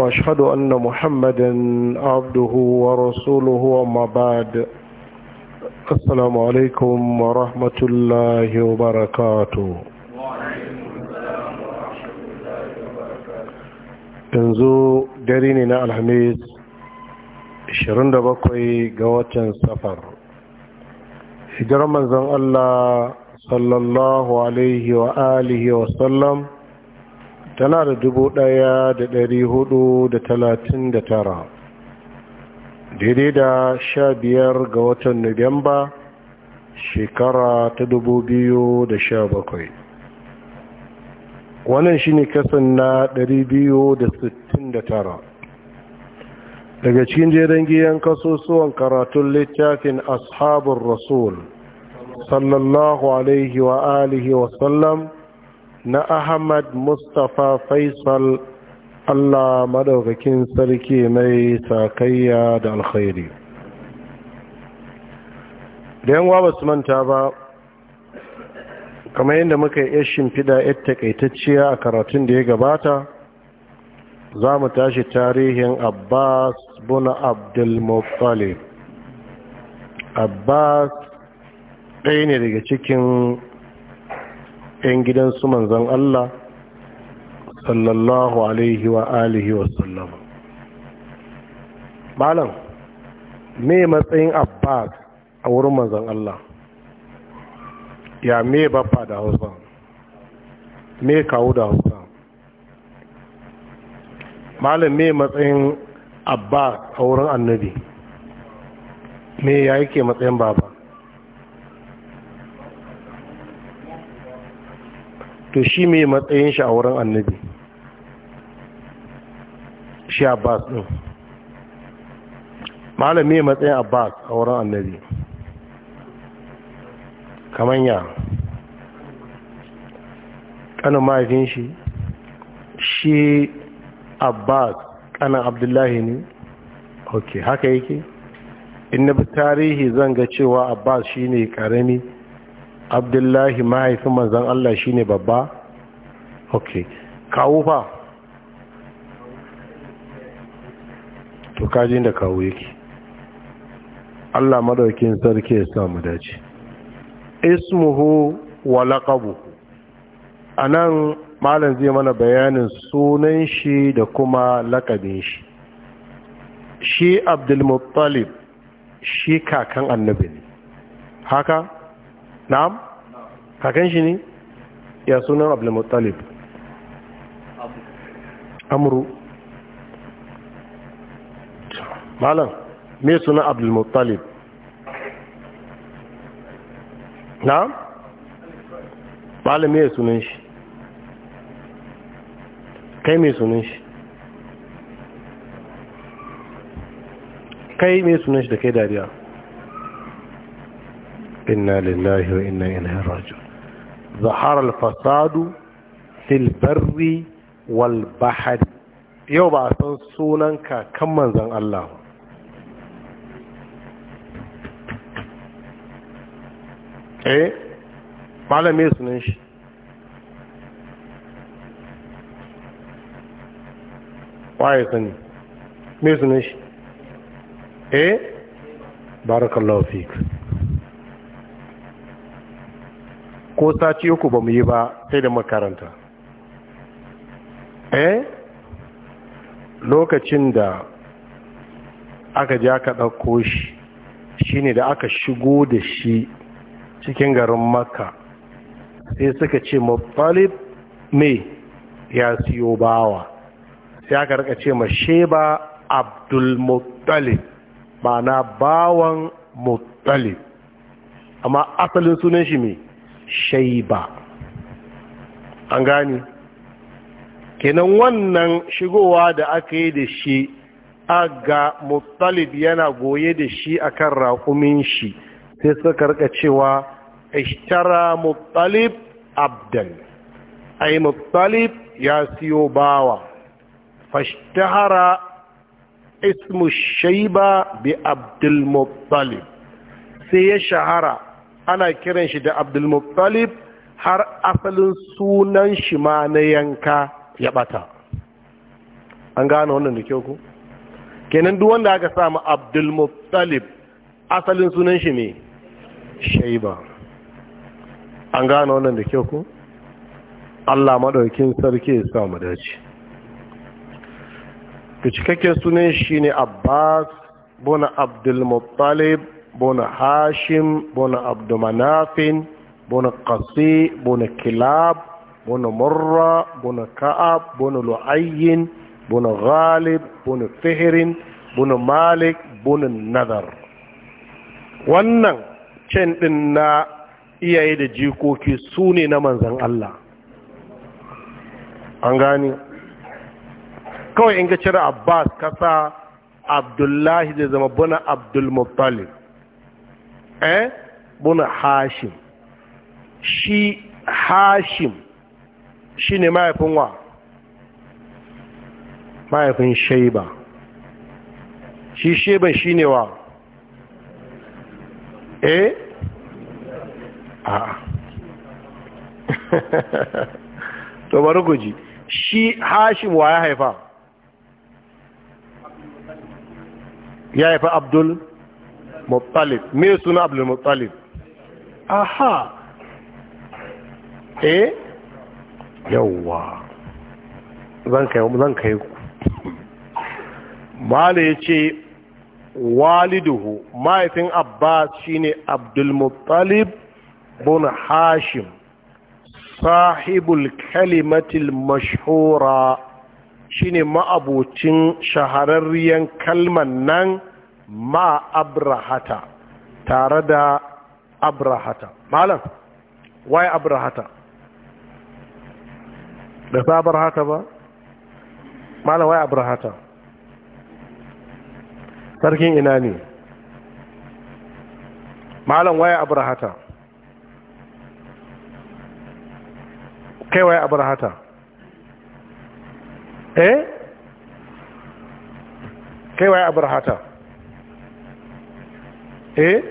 واشهد ان محمدا عبده ورسوله وما بعد السلام عليكم ورحمه الله وبركاته yanzu dare ne na alhamis 27 ga watan safar hijirar manzon allah sallallahu alaihi wa alihi wa sallam tana da dubu ɗaya da dari hudu da talatin da tara daidai da sha biyar ga watan nuwamba shekara ta dubu biyu da sha bakwai wannan shi ne kasan na dari biyu da sittin da tara daga cikin jerin giyan kasusuwan karatun littafin ashabun rasul sallallahu alaihi wa alihi wasallam na ahmad mustapha faisal allah madaukakin sarki mai sakayya da alkhairi da yanwa ba su manta ba kamar yadda muka yi shimfiɗa ya taƙaitacciya a karatun da ya gabata za mu tashi tarihin abbas buna abdulmuttalib abbas ɗaya ne daga cikin 'yan gidan su manzan Allah sallallahu alaihi wa alihi wa sallam malam me matsayin abbas a wurin manzan Allah ya me bafa da hausa me kawo da hausa malam me matsayin abbas a wurin annabi me ya yake matsayin baba to shi mai matsayin shi a wurin annabi shi abbas ɗin malam mai matsayin abbas a wurin annabi kamar ya ƙanin mahaifin shi shi abbas ƙanin abdullahi ne ok haka yake inda tarihi zan ga cewa abbas shi ne ƙarami abdullahi mahaifin manzan Allah shine babba ok kawo fa to kajin da kawo yake Allah madaukin sarki ya samu dace ismuhu wa laqabuhu anan malam zai mana bayanin sunan shi da kuma laqabin shi shi muttalib shi kakan annabi haka na'am kakan shi ne ya sunan abdulmuttalib amuru malam me sunan abdulmuttalib na'am malam ya sunan shi kai me sunan shi kai me sunan shi da kai dariya inna lillahi wa inna ilaihi raji'un fasadu fil barri yau ba a san sunan kakan manzon Allah eh malame sunan shi waye sani me sunan shi eh barakallahu fika ko sati uku ba mu yi ba sai da makaranta eh lokacin da aka ji aka ɗauko shi shine da aka shigo da shi cikin garin makka sai suka ce mafalib me ya siyo bawa sai aka rika ce ma sheba abdulmuttalib ba na bawan muttalib amma asalin sunan shi me shaiba an gane kenan wannan shigowa da aka yi da shi aga muttalib yana goye da shi akan raƙumin shi sai suka rika cewa ishtara muttalib abdan ai muttalib ya siyo bawa fashtahara ismu shaiba bi abdul muttalib sai ya shahara ana kiran shi da abdulmuttalib har asalin sunan shi ma na yanka ya bata an gane wannan da kyau ku kenan duk wanda aka samu abdulmuttalib asalin sunan shi ne shaiba an gane wannan da kyau ku allah maɗaukin sarki ya samu dace cikakken sunan shi ne abbas buna abdulmuttalib bona hashim bona abdumanafin bona kasi bona kilab bona murra bona ka'ab bona lu'ayyin bona ghalib bona fihirin bona malik bona nazar wannan can ɗin na iyaye da jikoki sune na manzan Allah an gani kawai in ga cire abbas kasa abdullahi da zama bana abdulmuttalib eh buna hashim shi hashim shi ne mahaifin wa mahaifin shaiba shi Sheba, shi ne wa eh a to bari guji shi hashim wa ya haifa ya haifa abdul muttalib me suna abdul muttalib aha e yawwa zan kai zan kai ku mala yace waliduhu mahaifin abbas shine abdul muttalib bin hashim sahibul kalimatil mashhura shine ma'abocin shahararriyan kalman nan ma abrahata tare da abrahata malam wai abrahata da ta abrahata ba malam wai abrahata sarkin ina ne malam wai abrahata kai wai abrahata eh kai wai abrahata eh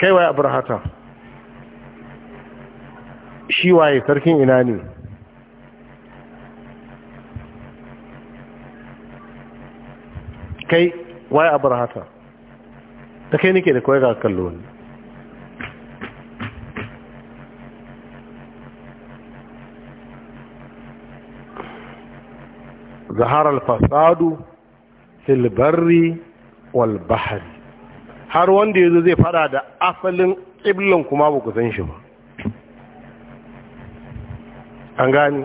kai waye abrahata shi waye sarkin ina ne kai waye abrahata ta kai nike da kawai ga kallo ne zahar alfasadu fasadu wal bahari har wanda zo zai fara da asalin ƙiblin kuma ba ku san shi ba an gani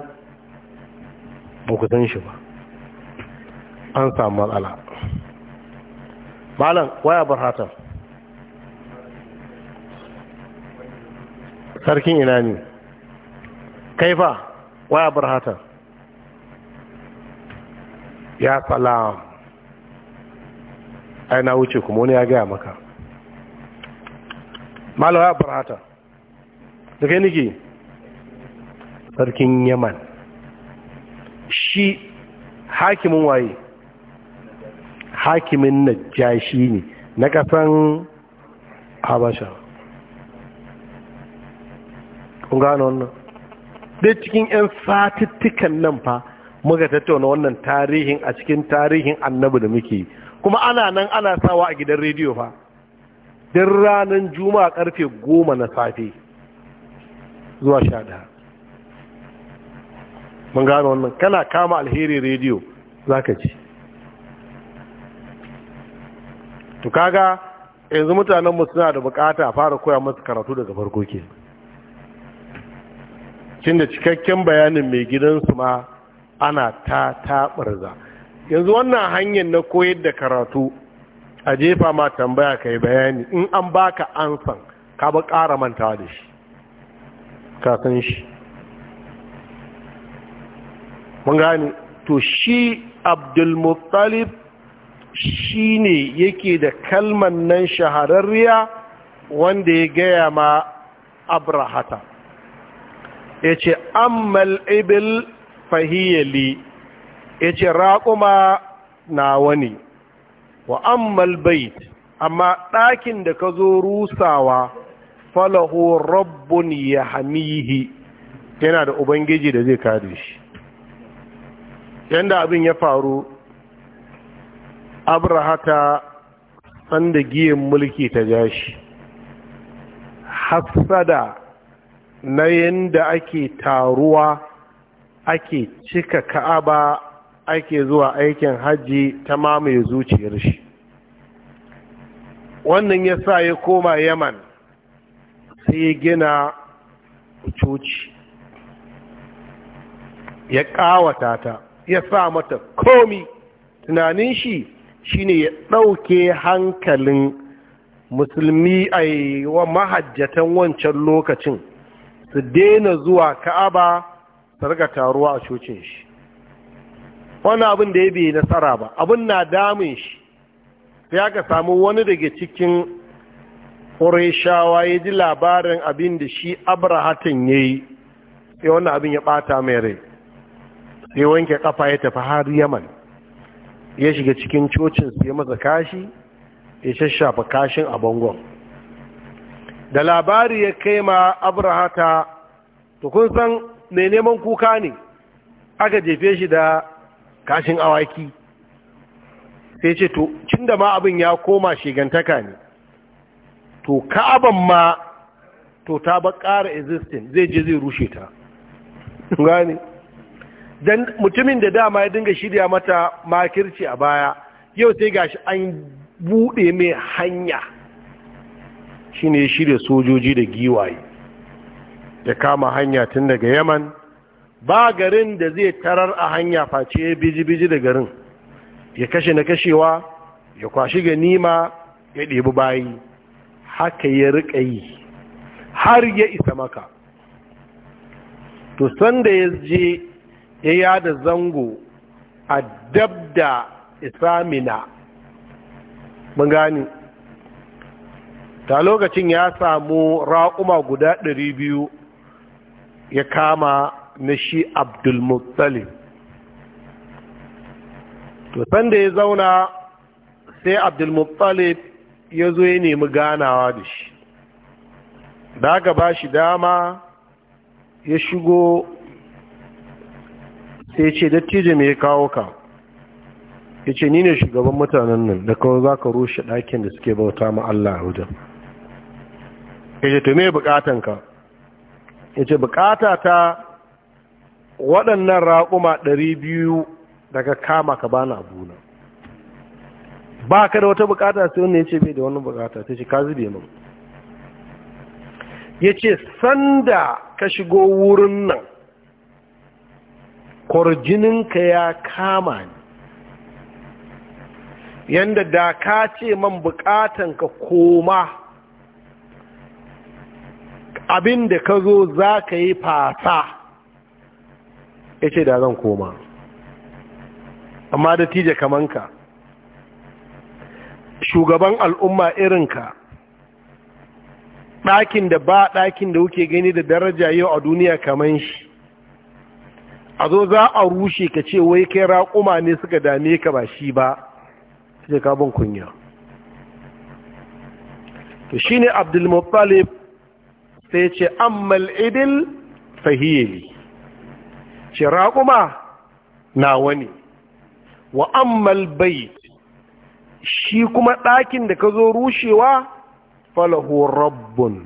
ba ku san shi ba an samu matsala malam waya barhatan sarkin ina ne kaifa waya barhatan ya salam ai na wuce kuma wani ya gaya maka malawa ya barata da kai niki sarkin yaman shi hakimin waye hakimin najashi ne na kasan habasha kun gano wannan dai cikin 'yan satuttukan nan fa muka tattauna wannan tarihin a cikin tarihin annabi da muke yi. kuma ana nan ana sawa a gidan rediyo fa don ranar juma'a karfe goma na safe zuwa sha daya mun gano wannan kana kama alheri rediyo za ka ci to kaga yanzu mutanenmu suna da bukata a fara koya masu karatu daga farko ke cin cikakken bayanin mai gidansu ma ana ta taɓarza yanzu wannan hanyar na koyar da karatu a jefa ma tambaya ka yi bayani in an baka san ka ba ƙara mantawa da shi kafin shi mun gani to shi abdulmuttalib shi ne yake da kalman nan shahararriya wanda ya gaya ma abrahata ya ce ammal ibil fahiyali ya ce raƙuma na wani wa ammal bait amma ɗakin da ka zo rusawa falahu rabbun ya hamihi yana da ubangiji da zai kare shi yadda abin ya faru abrahata sanda giyan mulki ta jashi hassada na yadda ake taruwa ake cika ka'aba ake zuwa aikin hajji ta mamaye zuciyar shi wannan ya sa ya koma yaman sai ya gina coci ya kawata ta ya sa mata komi tunanin shi shine ya ɗauke hankalin musulmi a wa mahajjatan wancan lokacin su daina zuwa ka'aba su rika taruwa a cocin shi wani abin da ya bai nasara ba abin na damun shi ya ka samu wani daga cikin ƙorishawa ya ji labarin abin da shi abrahatan ya yi sai wani abin ya ɓata mai rai sai wanke ƙafa ya tafi har yaman ya shiga cikin cocin sai masa kashi ya shashafa kashin a bangon da labari ya kai ma abrahata to kun san mai neman kuka ne aka jefe shi da kashin awaki sai ce to cin da ma abin ya koma shigantaka ne to ka'aban ma to ta ba ƙara existing zai je zai rushe ta gani dan mutumin da dama ya dinga shirya mata makirci a baya yau sai gashi an buɗe mai hanya shine shirya sojoji da giwaye ya kama hanya tun daga yaman ba garin da zai tarar a hanya face ya biji-biji da garin ya kashe na kashewa ya kwashi ganima ya ɗebi bayi haka ya riƙa yi har ya isa maka to sanda ya je ya yada zango a dab da isamina mun gani ta lokacin ya samu raƙuma guda ɗari biyu ya kama na shi abdulmuttalib to sanda ya zauna sai abdulmuttalib ya zo ya nemi ganawa da shi da aka ba shi dama ya shigo sai ce dattijo mai kawo ka ya ce ni ne shugaban mutanen nan da kawai za ka rushe ɗakin da suke bauta ma Allah a wajen ya ce to mai bukatanka ya ce bukata ta waɗannan raƙuma ɗari biyu daga kama ka na buna ba ka da wata bukata sai wanda ya ce bai da wani bukata ta ce ka zube min ya ce sanda ka shigo wurin nan kwarjininka ya kama ni yadda da ka ce man bukatanka koma abinda ka zo za ka yi fasa ya ce da zan koma amma da tije kamanka shugaban al'umma irin ka ɗakin da ba ɗakin da kuke gani da daraja yau a duniya kaman shi a zo za a rushe ka ce wai kai raƙuma ne suka dame ka ba shi ba ce ka bin kunya to ne abdulmuttalib sai ce ammal idil fahiyeli ce raƙuma nawa ne wa ammal bai shi kuma ɗakin da ka zo rushewa falahu rabbun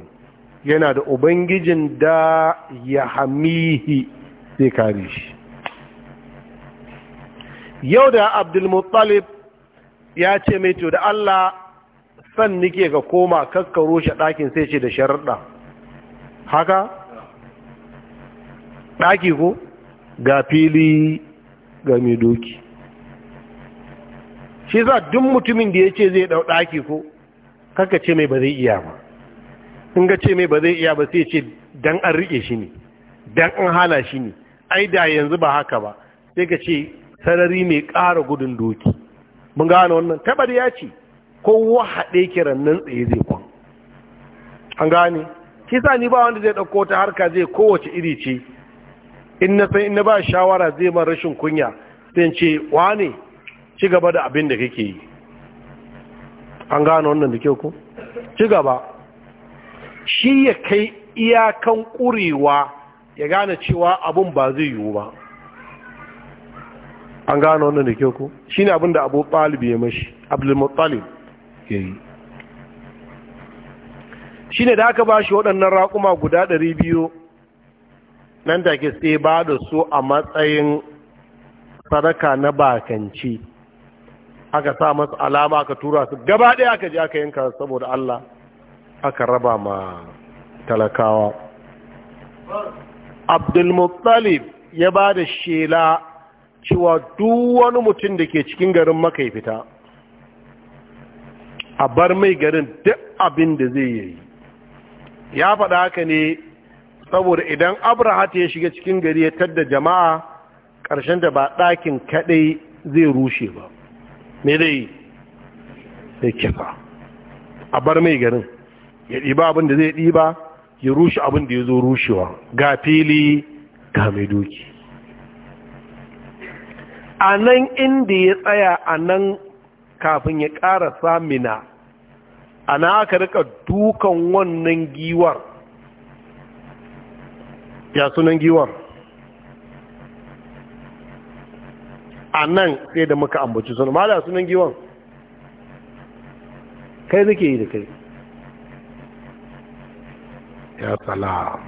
yana da ubangijin da ya hamihi sai kare shi yau da abdulmuttalib ya ce mai to da Allah san nike ka koma kakkaro rushe ɗakin sai ce da sharaɗa haka ɗaki ko? ga fili ga mai doki shi za duk mutumin da ya ce zai dau daki ko kaka ce mai ba zai iya ba in ga ce mai ba zai iya ba sai ce dan an riƙe shi ne dan an hana shi ne ai da yanzu ba haka ba sai ka ce sarari mai ƙara gudun doki mun gane wannan tabar ya ce kowa haɗe kiran nan tsaye zai kwan an gane kisa ni ba wanda zai ɗauko ta harka zai kowace iri ce in na san in na ba shawara zai man rashin kunya sai ce wane ci gaba da abin da kake yi an gano wannan da kyau ko ci gaba shi ya kai iyakan kurewa ya gane cewa abin ba zai yiwu ba an gano wannan da kyau ko shi ne abin da abu ɗalibi ya mashi abdulmuttalib ya yi shi ne da aka ba shi waɗannan raƙuma guda ɗari biyu nan take sai ba da su a matsayin sadaka na bakanci aka sa masu alama aka tura su gaba ɗaya aka ji aka yanka saboda Allah aka raba ma talakawa abdulmuttalib ya ba da shela cewa duk wani mutum da ke cikin garin maka fita a bar mai garin duk abin da zai yi ya faɗa haka ne saboda idan abrahat ya shiga cikin gari ya tadda jama'a ƙarshen da ba ɗakin kaɗai zai rushe ba me zai sai kifa a bar mai garin ya ɗiba abin da zai ɗiba ya rushe abin da ya zo rushewa ga fili ga mai doki a nan inda ya tsaya a nan kafin ya ƙara samina ana aka rika dukan wannan giwar ya sunan giwar a nan sai da muka ambaci sunan ma da sunan giwar kai nake yi da kai ya tsala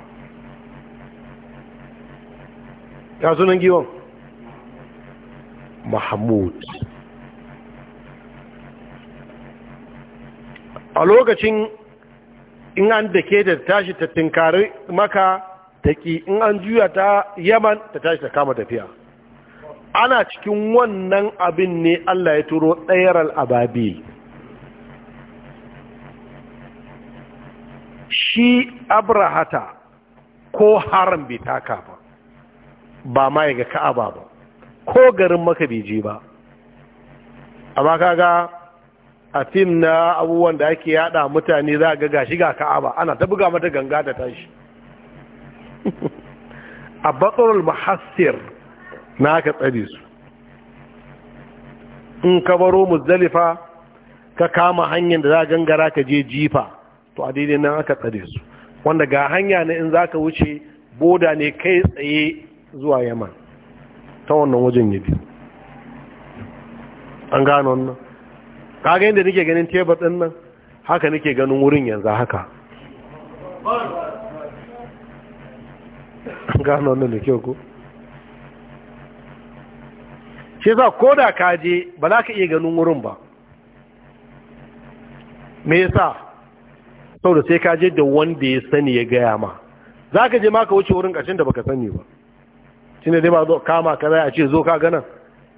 ya sunan giwar mahmud a lokacin in an da ke da tashi ta maka taƙi in an juya ta yaman ta tashi ta kama tafiya ana cikin wannan abin ne Allah ya turo ɗayar al'ababi shi abrahata ko haram bai taka ba ba ma yaga ka'aba ba ko garin maka bai je ba amma kaga a fim na abubuwan da ake yada mutane za ga gashi ga ka'aba ana ta buga mata ganga da tashi a batsarar mahassir na aka tsari su in ka baro muzalifa ka kama hanyar da za gangara ka je jifa to a daidai nan aka tsari su wanda ga hanya na in za ka wuce boda ne kai tsaye zuwa yaman ta wannan wajen yabi an gano wannan kaga yadda nake ganin tebur nan haka nake ganin wurin yanzu haka an gano wannan da kyau ko shi za ko da ka je ba za ka iya ganin wurin ba me yasa sau da sai ka je da wanda ya sani ya gaya ma za ka je maka wuce wurin ƙashin da baka sani ba shi ne dai ba zo kama ka zai a ce zo ka ganan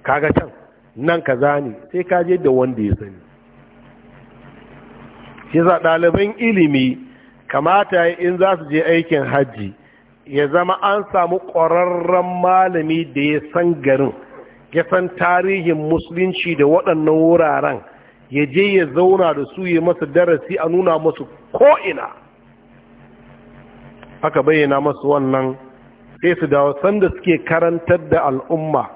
ka ga can nan ka zane sai ka je da wanda ya sani shi za ɗaliban ilimi kamata in za su je aikin hajji ya zama an samu ƙwararren malami da ya san garin ya san tarihin musulunci da waɗannan wuraren ya je ya zauna da su yi masa darasi a nuna masu ko'ina aka bayyana masu wannan sai su dawo sanda suke karantar da al'umma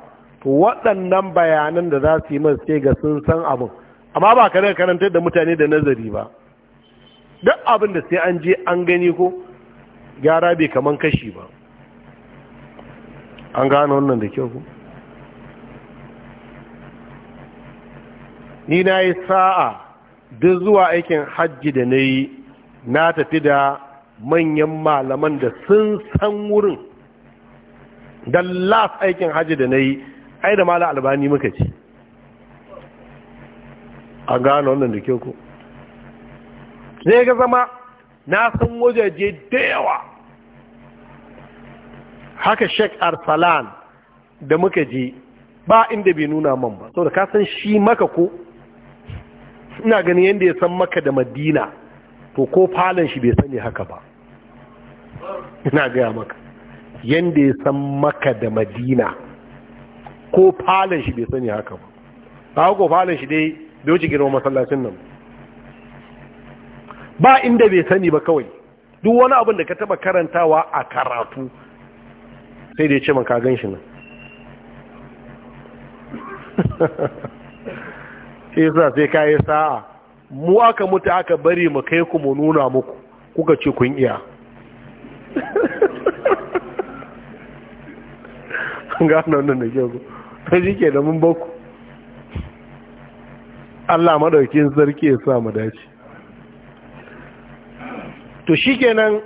waɗannan bayanan da za su yi masu sai ga sun san abin amma ba ka karantar da mutane da nazari ba duk abin da sai an je an gani ko gyara bai kaman kashi ba an gane wannan da kyau ni na yi sa'a duk zuwa aikin hajji da na yi na tafi da manyan malaman da sun san wurin da las aikin hajji da na yi ai da mala albani muka ci a gano wannan da kyau ko sai ga zama na san wajaje da yawa haka Sheikh Arsalan da muka je ba inda bai nuna man ba sau da ka san shi maka ko ina ganin yadda ya san maka da Madina to ko falon shi bai sani haka ba ina gaya maka yadda ya san maka da Madina ko falon shi bai sani haka ba ba ko falon shi dai bai wuce girma masallacin nan ba inda bai sani ba kawai duk wani abin da ka taba karantawa a karatu sai da ya ce maka ka gan shi nan sai yasa sai ka yi sa'a mu aka mutu aka bari mu kai ku mu nuna muku kuka ce kun iya gano nan da ke ku ta ji ke da mun baku Allah madaukin sarki ya sa mu dace to shi kenan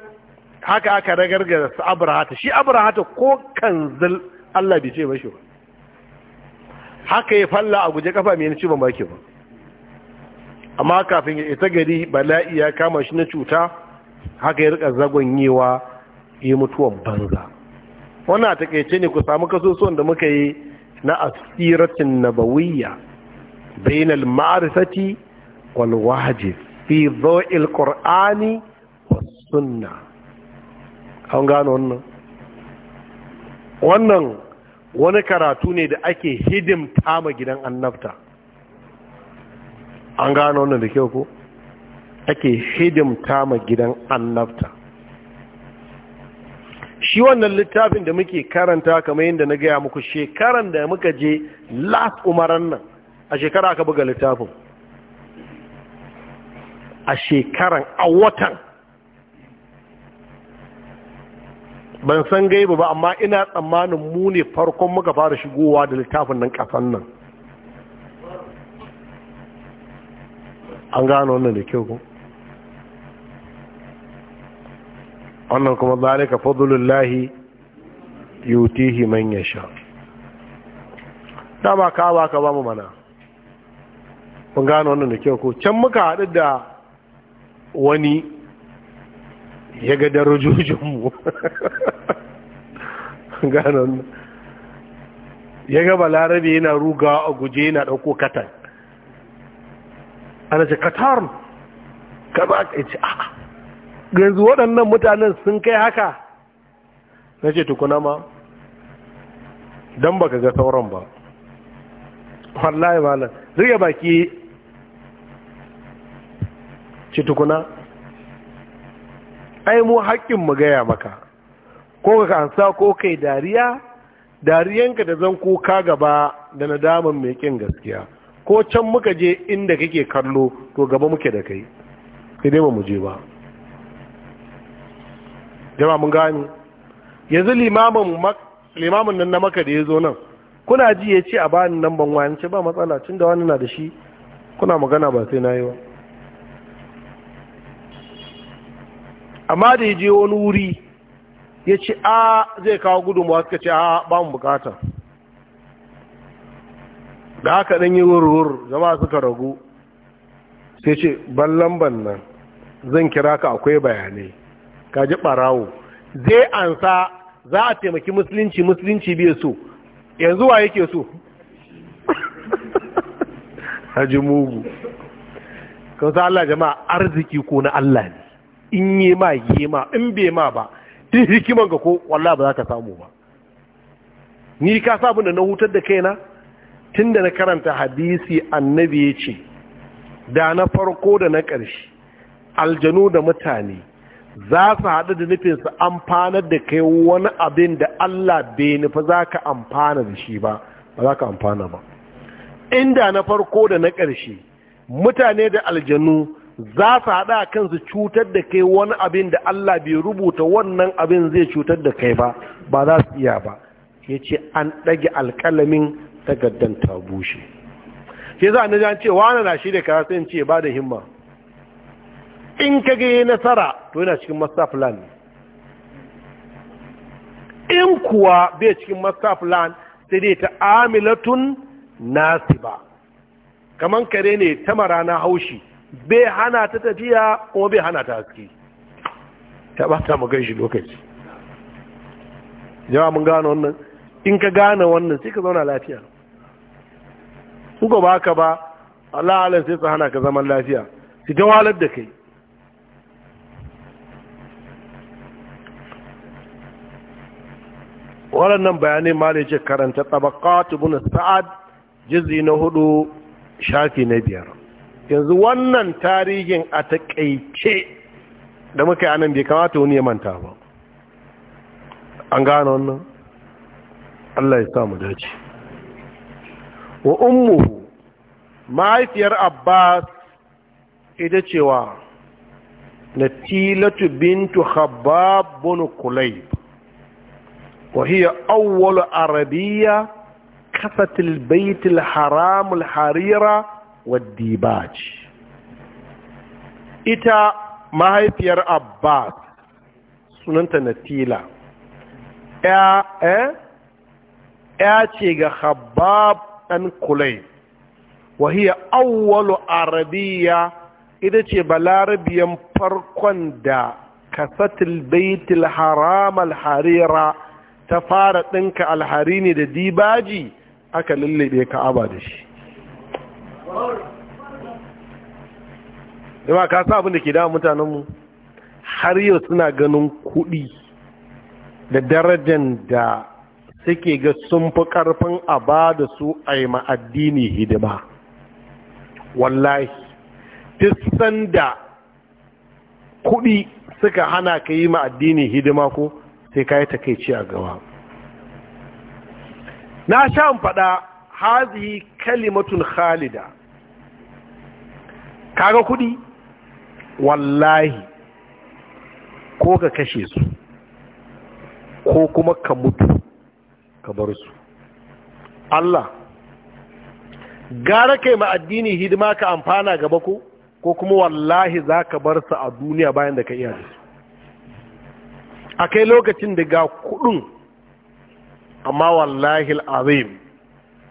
haka aka ragargaza su abrahata shi abrahata ko kanzil Allah bai ce ba shi ba haka ya falla a guje kafa mai ci ba ba ke ba amma kafin ya isa gari bala'i ya kama shi na cuta haka ya rika zagon yiwa yi mutuwan banza wannan a takaice ne ku samu kasusuwan da muka yi na asiratin nabawiyya bainal ma'arifati wal wajib fi dhawil qur'ani was sunnah an gano wannan wannan wani karatu ne da ake hidimta ma gidan annabta an gano wannan da kyau ko ake hidimta ma gidan annabta shi wannan littafin da muke karanta kamar yadda na gaya muku shekaran da muka je last umaran nan a shekara aka buga littafin a shekaran a watan ban san gaibu ba amma ina tsammanin mu ne farkon muka fara shigowa da littafin nan kasan nan an gano wannan da kyau ku wannan kuma zalika fadlullahi yutihi man yasha ba ka ba ka ba mu mana kun gano wannan da kyau ku can muka haɗu da wani ya ga darajojinmu ganin ya ga balarabe yana ruga a guje yana ɗauko katan ana ce katarun kama ka ce a yanzu waɗannan mutanen sun kai haka na ce tukuna ma don ba ka ga sauran ba wallahi zai riga baki ce tukuna ai mu haƙƙin mu gaya maka ko ka ansa ko kai dariya dariyanka da zan kuka gaba da nadaman mai kin gaskiya ko can muka je inda kake kallo to gaba muke da kai sai dai ba mu je ba jama'a mun gani yanzu limamin limamin nan na maka da yazo nan kuna ji ya ce a bani nan ban wani ce ba matsala tun da wani na da shi kuna magana ba sai na yi ba amma da ya je wani wuri ya ce a zai kawo gudunmawa suka ce a ba mu bukata da haka ɗan yi wurwur zama suka ragu sai ce ban lamban nan zan kira ka akwai bayanai ka ji ɓarawo zai ansa za a taimaki musulunci musulunci biya so yanzu wa yake so haji mugu kan sa Allah jama'a arziki ko na Allah ne in yi ma yi ma in bai ma ba duk hikiman ga ko wallahi ba za ka samu ba ni ka sa da na hutar da kaina tun da na karanta hadisi annabi ya ce da na farko da na ƙarshe aljanu da mutane za su haɗu da nufinsu amfanar da kai wani abin da Allah bai nufa za ka amfana da shi ba ba za ka amfana ba inda na farko da na ƙarshe mutane da aljanu za su haɗa kansu cutar da kai wani abin da Allah bai rubuta wannan abin zai cutar da kai ba ba za su iya ba ya ce an ɗage alƙalamin takardar ta bushe shi za a na ce cewa na shi da kara ce ba da himma in ka ga nasara to yana cikin master plan in kuwa bai cikin master plan sai dai ta amilatun ba. Kamar kare ne ta marana haushi bai hana ta tafiya kuma bai hana ta haske ta bata magan shi lokaci jawa mun gane wannan in ka gane wannan sai ka zauna lafiya in ba ka ba Allah Allah sai su hana ka zaman lafiya su ta walar da kai waɗannan bayanai ma da ce karanta tabakatu bin sa'ad jizi na hudu shafi na biyar yanzu wannan tarihin a taƙaice da muka yi nan bai kamata wani ya manta ba an gano wannan Allah ya samu dace wa ummuhu mahaifiyar abbas ita cewa na tilatu bintu khabbab Kulai, kulayb wa hiya arabiya arabiya kasatul albayt Haramul Harira. waddibaj ita mahaifiyar abbas sunanta natila ya ce ga habab ɗan kulai wahiyar awwalu arabiya ita ce balarabiyan farkon da kasatil baitul haram Harira ta fara ɗinka Alharini da dibaji aka lullube ka'aba da shi yawa ka sa abin da ke mutanen mutanenmu har yau suna ganin kuɗi da darajan da suke ga sun fi ƙarfin a ba da su a yi ma'addini hidima wallahi tisan sanda kuɗi suka hana ka yi ma'addini hidima ko sai ka yi takaici a gaba na sha faɗa hazihi kalimatun khalida kaga kuɗi wallahi ko ka kashe su ko kuma ka mutu ka bar su Allah gara kai ma addini hidima ka amfana gaba ko ko kuma wallahi za ka bar su a duniya bayan da ka iya da su a kai lokacin da ga kudin amma wallahi al'azim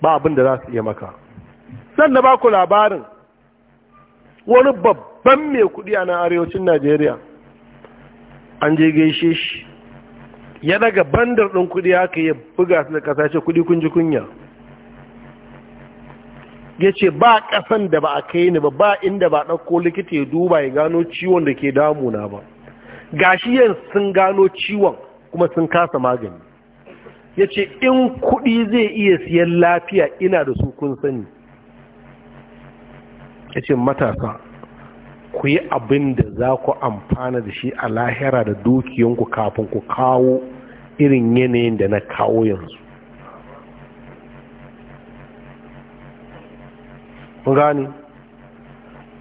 ba abin za su iya maka sannan ba ku labarin wani babban mai kuɗi a nan arewacin najeriya an je gaishe shi ya daga bandar ɗin kuɗi haka ya buga su da ƙasa ce kuɗi kun ji kunya ya ce ba ƙasan da ba a kai ni ba ba inda ba ɗauko likita ya duba ya gano ciwon da ke damuna ba gashi yan sun gano ciwon kuma sun kasa magani ya ce in kuɗi zai iya siyan lafiya ina da su kun sani ya ce matasa ku yi abin da za ku amfana da shi a lahira da dukiyanku kafin ku kawo irin yanayin da na kawo yanzu gani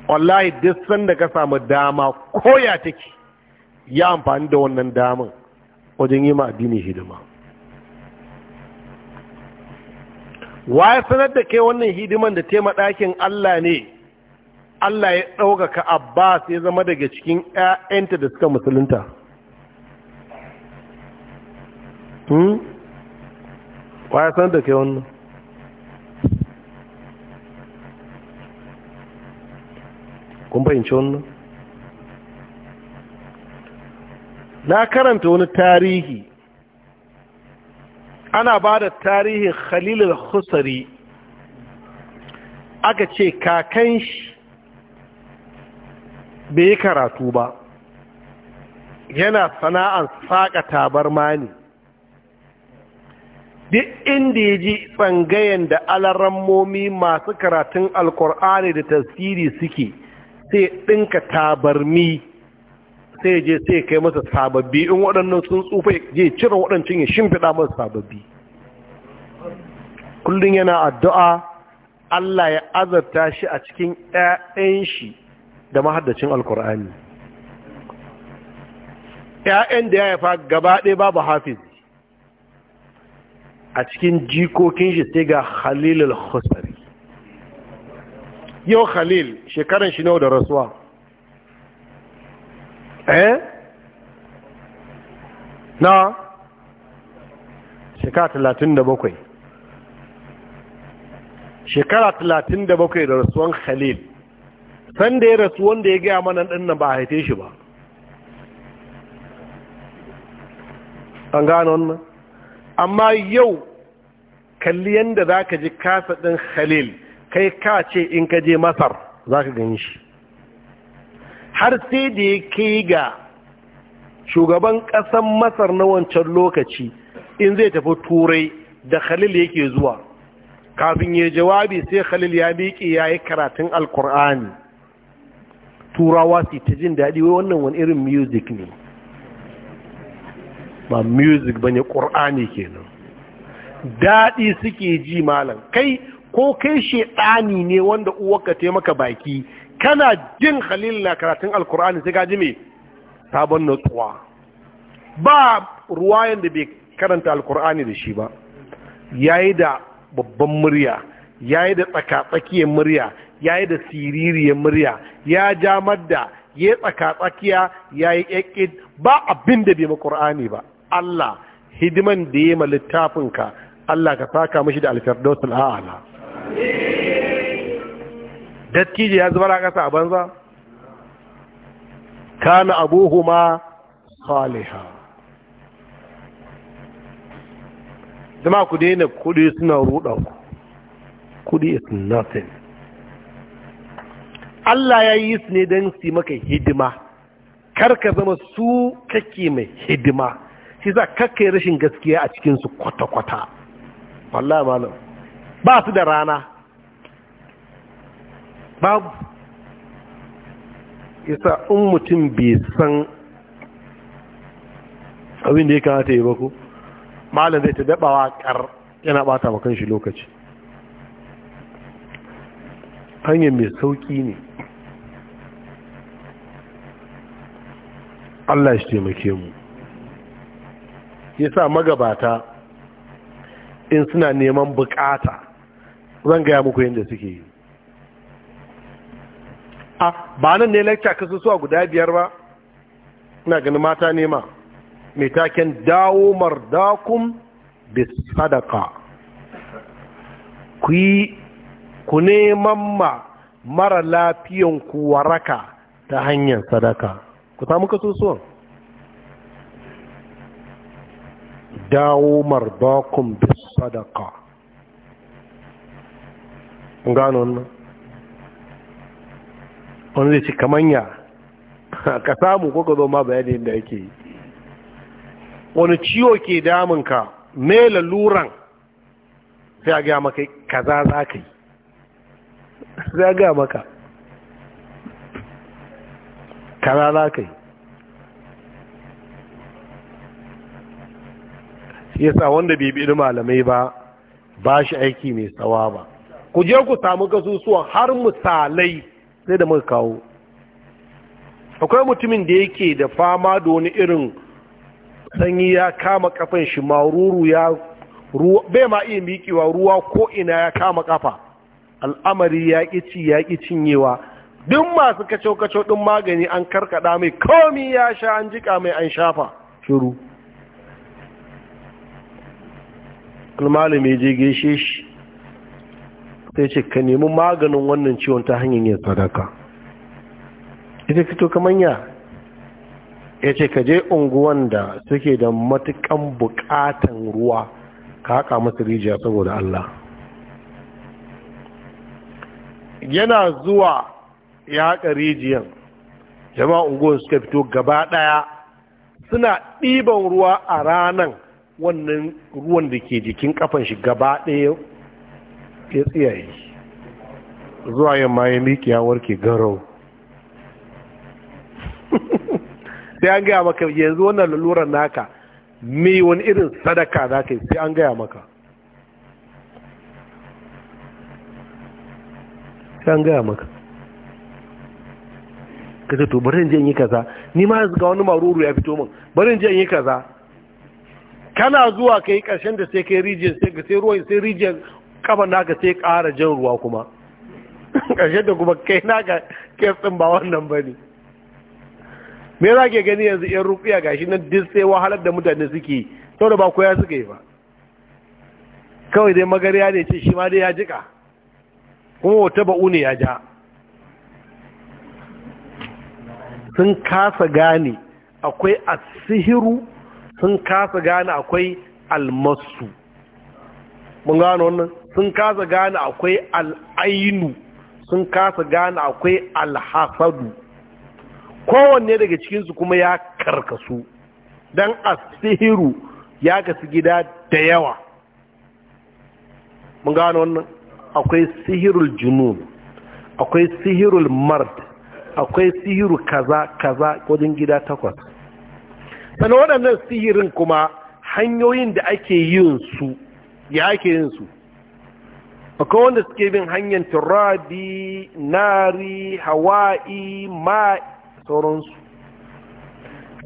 wallahi duk sanda ka samu dama koya take ya amfani da wannan damar wajen yi ma addini hidima waye sanar da ke wannan hidiman da tema ɗakin Allah ne Allah ya ɗaukaka Abbas ya zama daga cikin ‘ya'yanta da suka musulunta. Hmm? Waya san da ke wannan? Kun fahimci wannan? Na karanta wani tarihi, ana ba da tarihin Khalil al-Husari aka ce kakan shi bai yi karatu ba yana sana'an saƙa tabarma ne duk inda ya ji tsangayen da alarammomi masu karatun alkur'ani da tasiri suke sai ɗinka tabarmi sai je sai kai masa sababbi in waɗannan sun tsufa je cire waɗancin ya shimfiɗa masa sababbi kullum yana addu'a Allah ya azarta shi a cikin ‘ya'yan shi da mahaddacin alkur'ani ‘ya'yan da ya haifa gaba ɗaya babu hafiz a cikin jikokin shi sai ga khalil al-husari yau khalil shekaran shi nau da rasuwa eh na shekara talatin da bakwai shekara talatin da bakwai da rasuwan khalil Sanda ya rasu wanda ya gaya mana ɗin ba a haife shi ba an gano wannan amma yau kalli yadda za ka ji kasa ɗin khalil kai ka ce in ka je masar za ka gani shi har sai da ya kai ga shugaban ƙasan masar na wancan lokaci in zai tafi turai da khalil yake zuwa kafin ya jawabi sai khalil ya miƙe ya yi karatun alkur'ani turawa su ta jin daɗi wai wannan wani irin music ne ba music ba ne ƙur'ani kenan daɗi suke ji malam kai ko kai shaɗani ne wanda ka taimaka baki kana jin halil na karatun alkur'ani sai gaji mai sabon natsuwa ba ruwayan da bai karanta alkur'ani da shi ba yayi da babban murya yayi da tsaka-tsakiyar murya ya yi da siririyar murya ya ja madda ya tsaka tsakiya ya yi ƙyaƙƙid ba abin da bai maƙur'ani ba Allah hidiman da ya ma littafinka Allah ka saka mashi da alfirdausul a'ala dattijo ya zubara a ƙasa a banza kana abuhuma saliha zama ku daina kuɗi suna ruɗa ku kuɗi is nothing Allah ya yi su ne don su maka hidima karka zama su kake mai hidima shi za kakkai rashin gaskiya a cikinsu kwata-kwata wallah malam ba su da rana babu isa in mutum bai san abin da ya kamata yi ba ku malam zai ta dabawa kar yana bata kan shi lokaci hanyar mai sauƙi ne Allah shi taimake mu yasa magabata in suna neman bukata zan gaya muku yadda suke yi a ba nan ne lakta suwa guda biyar ba ina ganin mata nema mai taken dawo mardakun bi sadaka ku yi ku neman ma mara lafiyan ku waraka ta hanyar sadaka ku samu kasusuwan dawo marbakun da sadaka gano wani. wani zai ci kamanya ka samu ko ka zo ma bayani da ake yi wani ciwo ke damunka Mela luran. sai a gaya maka kaza za ka yi na ga maka za ka yi yasa wanda bai bi malamai ba ba shi aiki mai tsawa ba ku je ku samu gasusuwan har misalai sai da muka kawo akwai mutumin da yake da fama da wani irin sanyi ya kama kafan shi ruru, ya ruwa bai ma iya miƙewa ruwa ko ina ya kama kafa al'amari ya ƙici ya ƙi cinyewa duk masu kacau-kacau ɗin magani an karkaɗa mai komi ya sha an jika mai an shafa shuru almalami je gaishe shi sai ce ka nemi maganin wannan ciwon ta hanyar yin sadaka ita fito kamar ya ce ka je unguwan da suke da matukan buƙatan ruwa ka haƙa masu rijiya saboda Allah yana zuwa ya haƙa rijiyan jama'a unguwar suka fito gaba ɗaya suna ɗiban ruwa a ranan wannan ruwan da ke jikin kafan shi gaba ɗaya ya tsiyaye zuwa yamma ya miki ya warke garau sai an gaya maka yanzu wannan lalurar naka mai wani irin sadaka za ka yi sai an gaya maka kan gaya maka ka ce to barin je in yi kaza ni ma ga wani maruru ya fito min barin je in yi kaza kana zuwa ka yi ƙarshen da sai ka rijiyar sai ga sai ruwan sai rijiyar na naka sai ƙara jan ruwa kuma ƙarshen da kuma kai naka kes tsin ba wannan ba ne me za ke gani yanzu yan rufiya gashi nan duk sai wahalar da mutane suke yi saboda ba koya suka yi ba kawai dai magariya ne ce shi ma dai ya jika kuma wata ba'u ne ya ja sun kasa gane akwai asihiru sun kasa gane akwai almasu mun gano wannan sun kasa gane akwai al'ainu sun kasa gane akwai alhasadu kowanne daga cikinsu kuma ya karkasu don asihiru ya kasu gida da yawa mun gano wannan akwai sihirul junun akwai sihirul mard akwai sihiru kaza kaza wajen gida takwas sannan waɗannan sihirin kuma hanyoyin da ake yin su ya ake yin su akwai wanda suke bin hanyar turabi nari hawa'i ma sauransu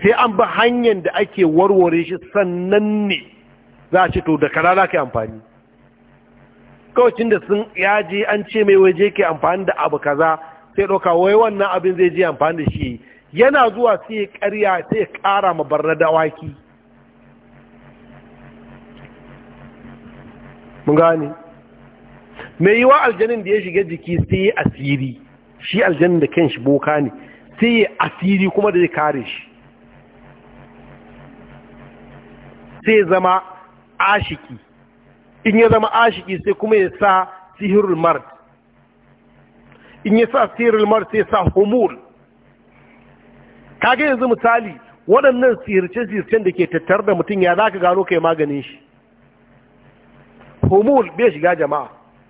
sai an ba hanyar da ake warware shi sannan ne za a ce to da kaza za ka yi amfani kawacin da sun yaji an ce mai waje ke amfani da abu kaza sai ɗauka wai wannan abin zai ji amfani da shi yana zuwa sai ya karya sai ya ƙara ma barna dawaki mun gane mai yi wa aljanin da ya shiga jiki sai ya asiri shi aljanin da kan shi boka ne sai ya asiri kuma da ya kare shi sai zama ashiki in ya zama ashiki sai kuma ya sa sihirul mard in ya sa sihirul mard sai sa homul kaga yanzu misali waɗannan sihirce sihirce da ke tattar da mutum ya za ka gano kai maganin shi homul bai shiga jama'a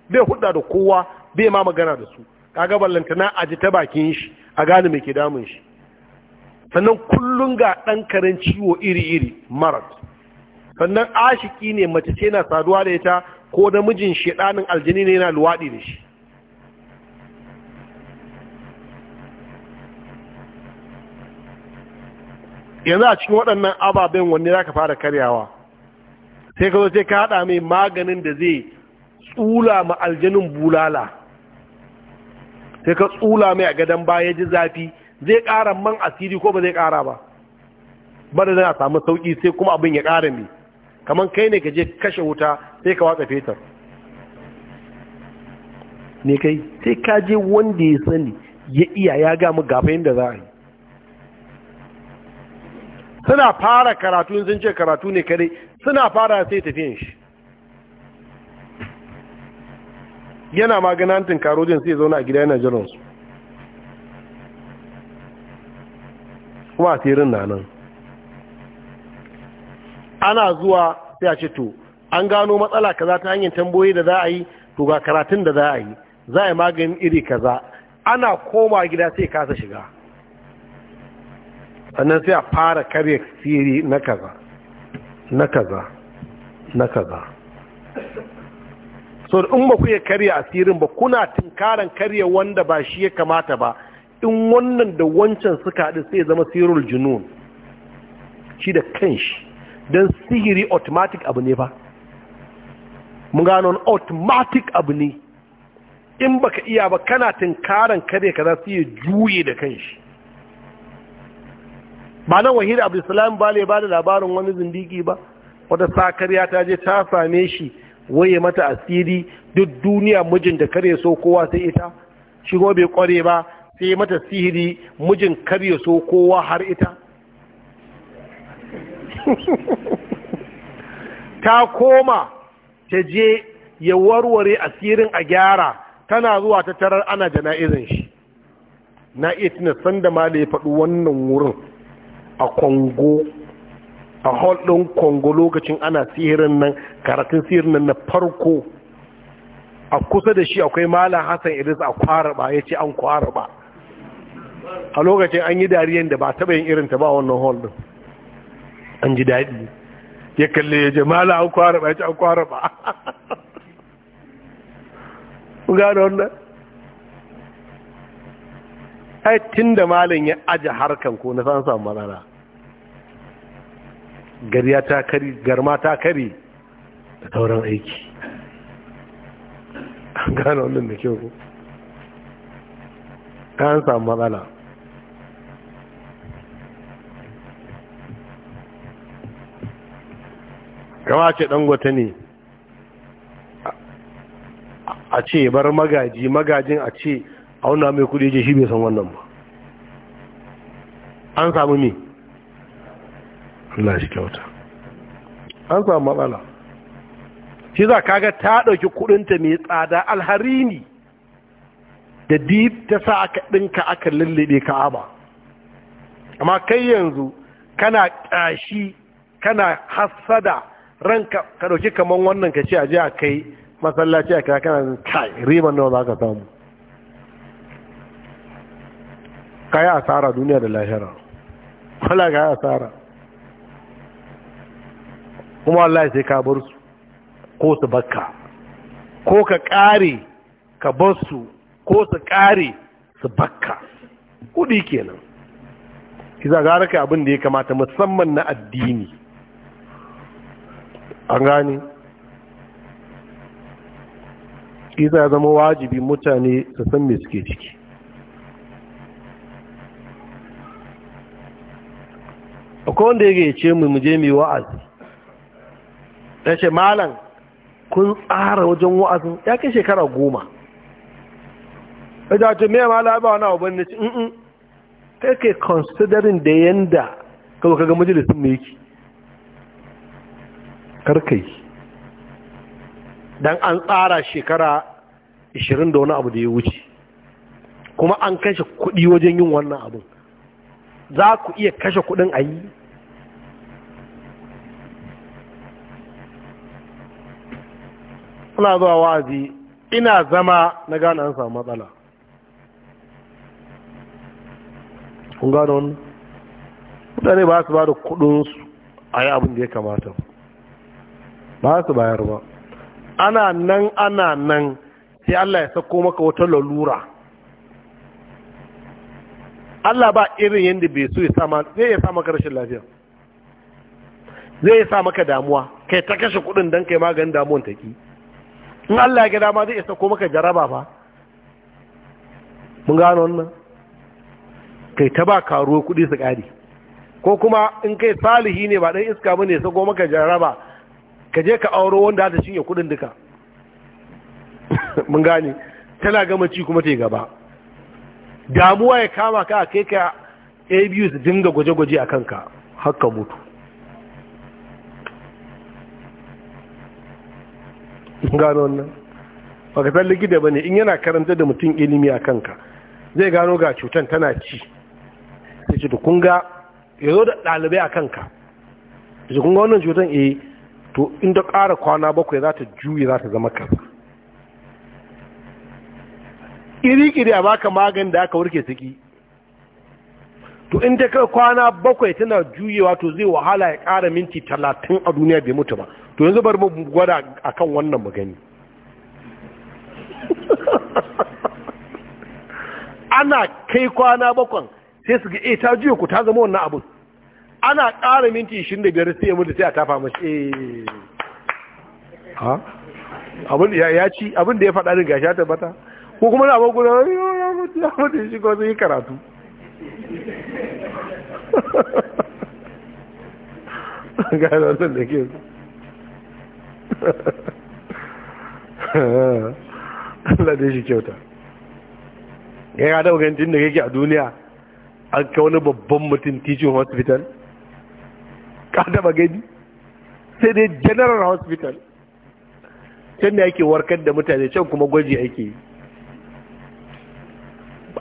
bai hudda da kowa bai ma magana da su kaga ballantana a ji ta bakin shi a gane mai ke damun shi sannan kullum ga ɗan karen ciwo iri-iri marat sannan ashiki ne mace ce na saduwa da ita ko namijin shedanin aljini ne yana luwaɗi da shi yanzu a cikin waɗannan ababen wanne za ka fara karyawa sai ka zo sai ka haɗa mai maganin da zai tsula ma aljanin bulala sai ka tsula mai a gadon baya ji zafi zai ƙara man asiri ko ba zai ƙara ba ba da a samu sauƙi sai kuma abin ya ƙara mai kamar kai ne ka je kashe wuta sai ka watsa fetur ne kai sai ka je wanda ya sani ya iya ya gamu gafa yadda za a yi suna fara karatu sun ce karatu ne kare suna fara sai tafiyan shi yana maganantin karojin sai zauna a gida yana jiransu kuma asirin na nan ana zuwa sai a ce to an gano matsala kaza ta hanyar tamboyi da za a yi to ga karatun da za a yi za a yi maganin iri kaza ana koma gida sai kasa shiga sannan sai a fara karya siri na kaza na kaza na kaza so in ba ku ya karya asirin ba kuna tunkaran karya wanda ba shi ya kamata ba in wannan da wancan suka haɗu sai zama sirul junun shi da shi don sihiri automatic abu ne ba mun gano automatic abu ne in baka iya ba kana tinkaran kare ka za su yi juye da kanshi ba nan wahiri abdulsalam ba ne ba da labarin wani zindigi ba wata sakariya ta je ta same shi waye mata asiri duk duniya mijin da kare so kowa sai ita shi bai kware ba sai mata sihiri mijin kare so kowa har ita ta koma ta je ya warware asirin a gyara tana zuwa ta tarar ana jana'izin shi na iya tuna sanda ma da ya faɗi wannan wurin a kongo a hall kongo lokacin ana sihirin nan karatun sihirin nan na farko a kusa da shi akwai malam hassan idris a ba ya ce an ba. a lokacin an yi dariyar da ba taɓa yin irinta ba wannan hall ɗin an ji daɗi ya kalle ya je mala an kwara ba ya ce an kwara ba ku gane wannan ai tun da malin ya aji harkan ko na san samu matsala gariya ta kari garma ta kari da tauran aiki an gane wannan da kyau ko ta samu matsala kama ce dangote ne a ce bar magaji magajin a ce auna mai kudi je shi bai san wannan ba an samu ne Allah shi kyauta an samu matsala shi za kaga ta ɗauki kudinta mai tsada ne da dip ta sa aka ɗinka aka lullube ka'aba amma kai yanzu kana ƙashi kana hassada ranka ka ɗauki kamar wannan ka ce a je a kai masallaci a kira kana kai riban nawa za ka samu ka yi asara duniya da lahira wala ka yi asara kuma Allah sai ka bar su ko su bakka ko ka ƙare ka bar su ko su ƙare su bakka kuɗi kenan kiza gara ka abin da ya kamata musamman na addini an gani isa ya zama wajibi mutane su san me suke ciki akwai wanda ya ce mu muje mai wa'azi ya ce malam kun tsara wajen wa'azin ya kai shekara goma ya ce ce mai malam ba wani abu ne ce kai ke considering da yanda kawo kaga majalisun mai yake Kar yi dan an tsara shekara 20 da wani abu da ya wuce kuma an kashe kuɗi wajen yin wannan abin za ku iya kashe kuɗin a yi suna zuwa wa'azi ina zama na gane an samu matsala kun gane wannan mutane ba su ba da kudinsu a yi abin da ya kamata ba su bayar ba ana nan ana nan sai Allah ya sako maka wata lalura Allah ba irin yadda bai so ya sa maka rashin lafiya zai ya sa maka damuwa kai ta kashe kudin don kai maganin damuwan ta ki in Allah ya ga dama zai ya sako maka jaraba fa mun gano wannan kai ta ba karuwa kudi su kari ko kuma in kai salihi ne ba dan iska bane ya sako maka jaraba ka je ka auro wanda za ta cinye kudin duka mun gane tana gama ci kuma ta yi gaba damuwa ya kama ka kai ka abu su dinga gwaje-gwaje a kanka haka mutu gano wannan baka likita ba ne in yana karanta da mutum ilimi a kanka zai gano ga cutan tana ci sai ce kun ga ya zo da ɗalibai a kanka ji kun ga wannan cutan eh to inda ƙara kwana bakwai za ta juye za ta zama kaza iri-iri a baka magani da aka warke suki to inda kwana bakwai tana juyewa to zai wahala ya ƙara minti talatin a duniya bai mutu ba to yanzu bar mu gwada a kan wannan magani ana kai kwana bakwan sai su ga eh, ta juye ku ta zama wannan abu ana ƙara minti 25 sai ya mutu sai a tafa mashi eh. ha abin ya ci abin da ya faɗa daga ya tabbata ko kuma na guda ya mutu ya mutu shi ko sai karatu gano nan da ke Allah da shi kyauta ya ga da gantin da kake a duniya an kai wani babban mutum teaching hospital ka taba gani sai dai general hospital can da ake warkar da mutane can kuma gwaji ake yi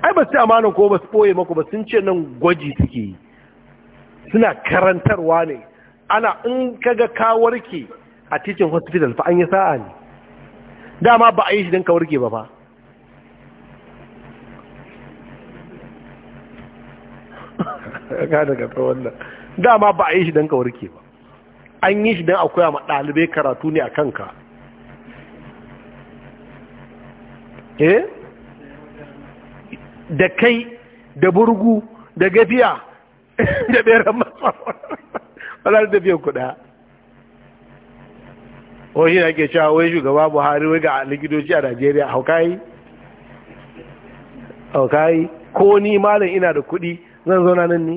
ai ba su amana ko ba su ɓoye maku ba sun ce nan gwaji suke yi suna karantarwa ne ana in kaga ka warke a teaching hospital fa an yi sa'a ne dama ba a yi shi don ka warke ba fa ka daga ta wannan dama ba a yi shi don ka warke ba an yi shi don akwai ma ɗalibai karatu ne a kanka eh da kai da burgu da gafiya da beran matsawa wadda da biyan kuɗa wani na ke cewa wai shugaba buhari wai ga likidoci a najeriya haukayi haukayi ko ni malam ina da kuɗi zan zauna nan ne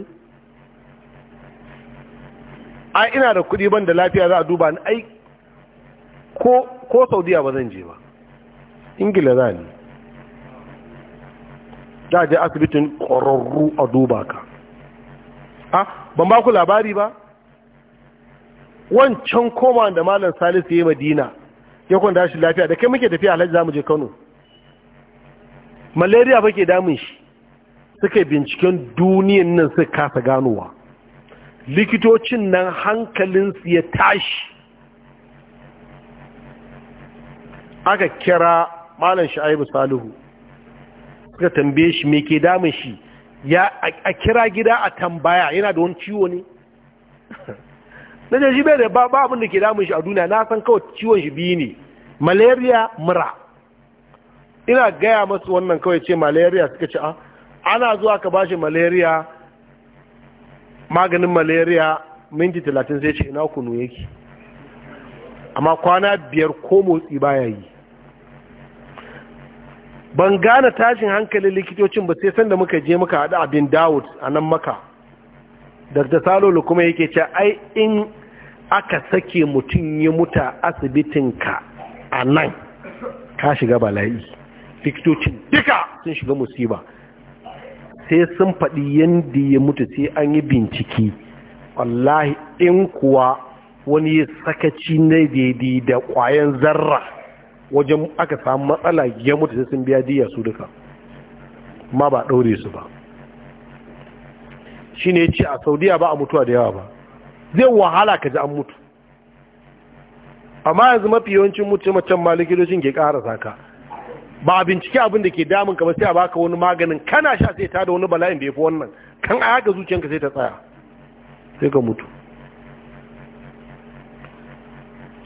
a ina da kuɗi ban da lafiya za a duba ni ai ko saudiya ba zan je ba ingila za ni za a je asibitin ƙwararru a duba ka a ah, ban ba ku labari ba wancan koma da malam salisu ya madina ya kwanta shi lafiya da kai muke tafiya alhaji za mu je kano malaria ba ke damun shi suka binciken duniyan nan suka kasa ganowa likitocin nan hankalinsu ya tashi aka kira malam sha'ibu salihu suka tambaye shi me ke damun shi ya a kira gida a tambaya yana da wani ciwo ne na da shi bai da ba abinda ke damun shi a duniya na san kawai ciwon shi biyu ne malaria mura ina gaya masu wannan kawai ce malaria suka ce ah, ana zuwa ka bashi malaria maganin malaria minti talatin zai ce ina kunu yake amma kwana biyar ko motsi baya yi ban gane tashin hankalin likitocin ba sai sanda muka je muka haɗu abin dawud a nan maka dr salolo kuma yake ce ai in aka sake mutum ya muta asibitinka a nan ka shiga bala'i likitocin duka sun shiga musiba sai sun faɗi yadda ya mutu sai an yi bincike wallahi in kuwa wani ya sakaci na daidai da ƙwayan zarra wajen aka samu matsala ya mutu sai sun biya diya su duka ma ba ɗaure su ba shi ne ce a saudiya ba a mutuwa da yawa ba zai wahala ka ji an mutu amma yanzu mafi yawancin mutu macen ma ke ƙara saka ba a bincike abin da ke damun ka ba sai a baka wani maganin kana sha sai ta da wani bala'in da ya fi wannan kan a haka zuciyanka sai ta tsaya sai ka mutu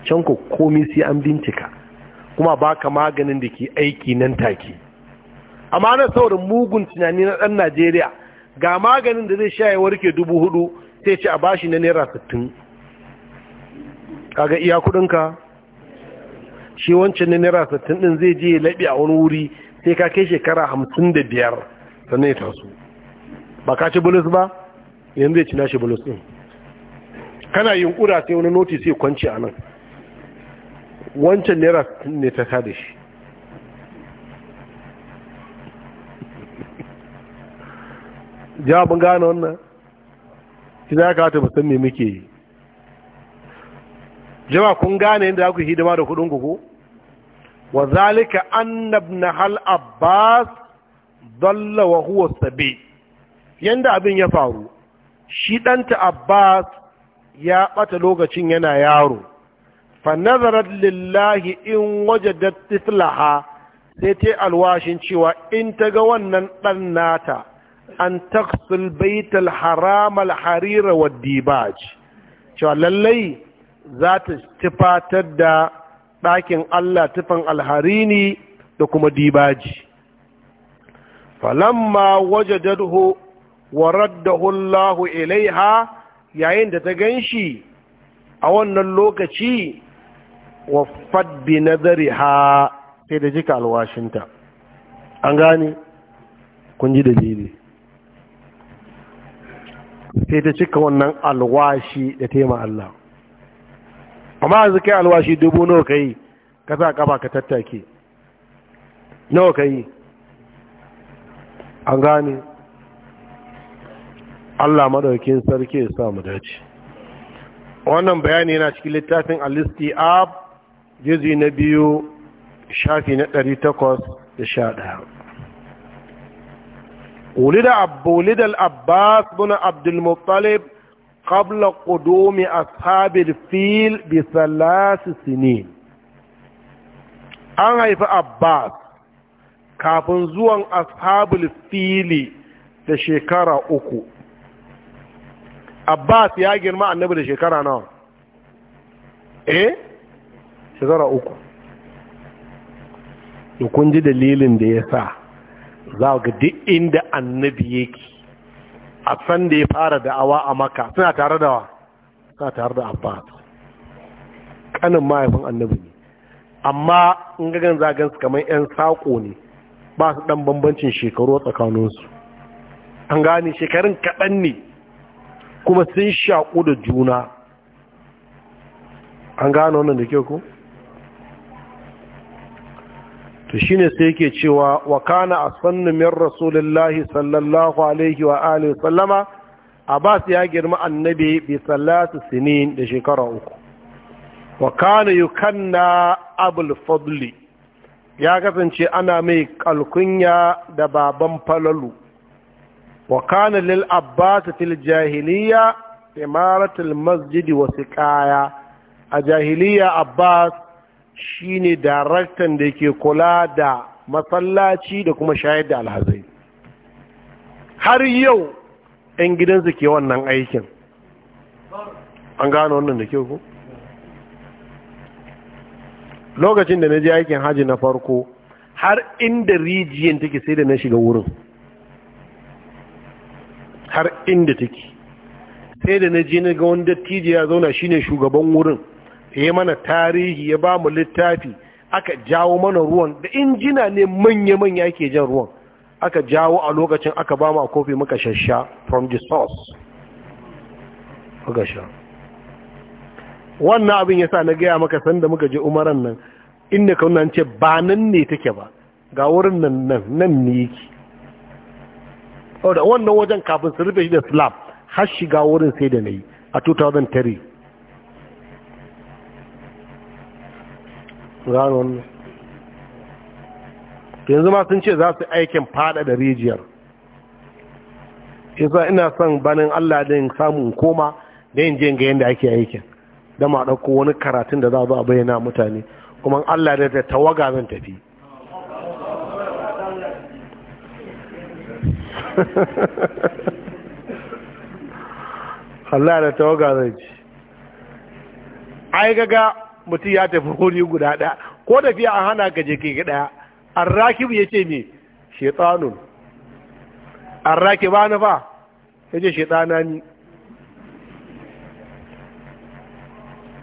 can ko komi sai an bincika kuma baka maganin da ke aiki nan take amma na saurin mugun tunani na ɗan najeriya ga maganin da zai sha ya warke dubu hudu sai ce a bashi na naira sittin kaga iya kudinka shi wancan na naira sittin ɗin zai je laɓi a wani wuri sai ka kai shekara hamsin da biyar sannan ya taso ba ka ci bulus ba yanzu ya ci nashi bulus ɗin kana yunkura sai wani noti sai kwanci a nan wancan naira ne ta sada shi jawabin gane wannan shi za ka hata musamman muke yi jama kun gane yadda aka hidima da kuɗin ku wa zalika annabna hal abbas dalla wa huwa sabi yanda abin ya faru shi ɗanta abbas ya ɓata lokacin yana yaro fa nazarat lillahi in wajadat tislaha sai ta alwashin cewa in ta ga wannan dan nata an taksul baitul haramar harira wa dibaj cewa lallai za ta tufatar da ɗakin Allah tufan alharini da kuma dibaji falamma wajadadhu wa raddahu Allah ilaiha yayin da ta ganshi a wannan lokaci waffat bi nazariha sai da jika alwashinta an gane kun ji dalili sai ta cika wannan alwashi da tema Allah amma yanzu kai alwashi dubu nawa ka yi ka sa kafa ka tattake nawa ka yi an gane allah maɗaukin sarki ya sa dace wannan bayani yana cikin littafin alisti ab jizi na biyu shafi na ɗari takwas da sha ɗaya ولد عبد ولد العباس بن عبد المطلب qabla qudumi ashabil fil bi thalath an haifi abbas kafin zuwan ashabul fili da shekara uku abbas ya girma annabi da shekara nawa eh shekara uku kun ji dalilin da ya sa za ga duk inda annabi yake a san da ya fara da'awa a maka suna tare da wa suna tare da abba. kanin mahaifin annabi ne amma in gagan zagan su kamar yan saƙo ne ba su ɗan bambancin shekaru tsakaninsu an gane shekarun kaɗan ne kuma sun shaƙu da juna an gane wannan da kyau ko to shine sai yake cewa wa kana asannu min rasulillahi sallallahu alaihi wa alihi sallama abbas ya girma annabi bi salatu sinin da shekara uku wa kana yukanna abul fadli ya kasance ana mai kalkunya da baban falalu wa kana lil abbas fil jahiliya imaratul masjid wa siqaya a jahiliya abbas shine daraktan da ke kula da masallaci da kuma shayar da alhazai har yau 'yan gidansu ke wannan aikin an gano wannan da kyau ku lokacin da na je aikin haji na farko har inda rijiyar take sai da na shiga wurin har inda take sai da na je na ga wani dattijo ya zauna shine shugaban wurin ya mana tarihi ya ba mu littafi aka jawo mana ruwan da injina ne manya-manya ke jan ruwan aka jawo a lokacin aka ba mu a kofi muka shasha from the source muka sha wannan abin ya sa na gaya maka sanda muka je umaran nan inda ka nan ce ba nan ne take ba ga wurin nan nan nan ne yake wannan wajen kafin su rufe shi da slab har shiga wurin sai da na yi a 2003 gano yanzu ma sun ce za su aikin fada da rijiyar isa ina son banin allah da yin samun koma da yin jin ga yadda ake aikin da ma ɗauko wani karatun da za a bayyana mutane kuma allah da ta tawaga zan tafi Allah da tawaga zai ci ai gaga mutum ya tafi wuri guda ɗaya ko tafiya an hana ka je kai ɗaya arrakib ya ce me shaitanun ba na fa ya ce shaitana ni